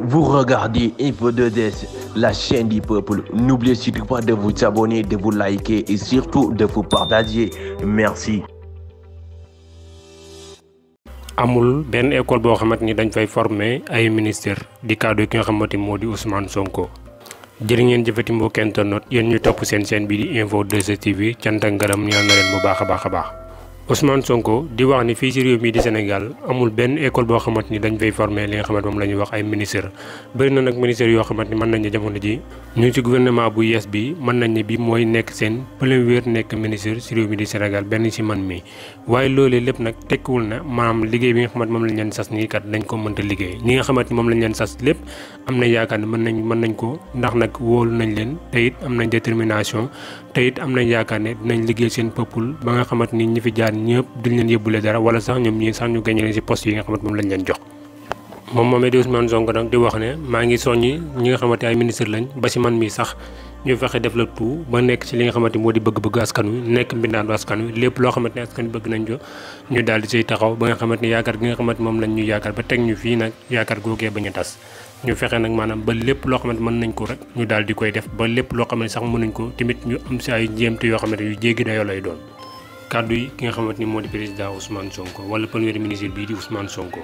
vous regardez Info 2 la chaîne du peuple. N'oubliez surtout pas de vous abonner, de vous liker et surtout de vous partager. Merci. amul Ben école bo xamante dañ fay former ay ministère di cadre ki nga xamante moo Ousmane Sonko. Jeri ngeen jëfati mbokk internet yeen ñu top sen sen bi di Info 2 TV ci ak ñal na len bu baax a baax Ousmane Sonko di wax ni fii ci réew mii di Sénégal amul benn école boo xamante ni dañ fay former li nga xamante moom la ñuy wax ay ministre bëri na nag ministère yoo xamante ni mën nañ ne jamono ji ñu ci gouvernement bu yees bi mën nañ bi mooy nekk seen premier nekk ministre ci réew mi di Sénégal benn ci man mi waaye loolee lépp nag tekkiwul na maam liggéey bi nga xamante moom lañ leen sas nii kat dañ ko mënta liggéey ñi nga xamante ni moom lañ leen sas lépp am na yaakaar ne mën nañ mën nañ ko ndax nag wóolu nañ leen te it am nañ détermination te it am nañ yaakaar ne dinañ liggéey seen peuple ba nga daan ñëpp duñ leen yóbbule dara wala sax ñoom ñi sax ñu gañe leen si poste yi nga xamante moom lañ leen jox moom moomee di Ousmane Sonko nag di wax ne maa ngi soññi ñi nga xamante ay ministre lañ ba si man mii sax ñu moo di bëgg-bëgg askan wi nekk mbindaanu askan wi lépp loo xamante ne askan wi bëgg nañ ñu daal di taxaw ba nga xamante ne yaakaar gi nga xamante moom lañ ñu yaakaar ba teg ñu fii nag yaakaar googee ba ñu tas ñu fexe nag maanaam ba lépp loo xamante mën nañ ko rek ñu daal di koy def ba lépp loo xamante sax mënuñ ko tamit ñu am si ay njéemte yoo xamante yu jéggi dayoo lay doon kàddu yi ki nga xamante ni moo di président Ousmane Sonko wala premier ministre bii di Ousmane Sonko.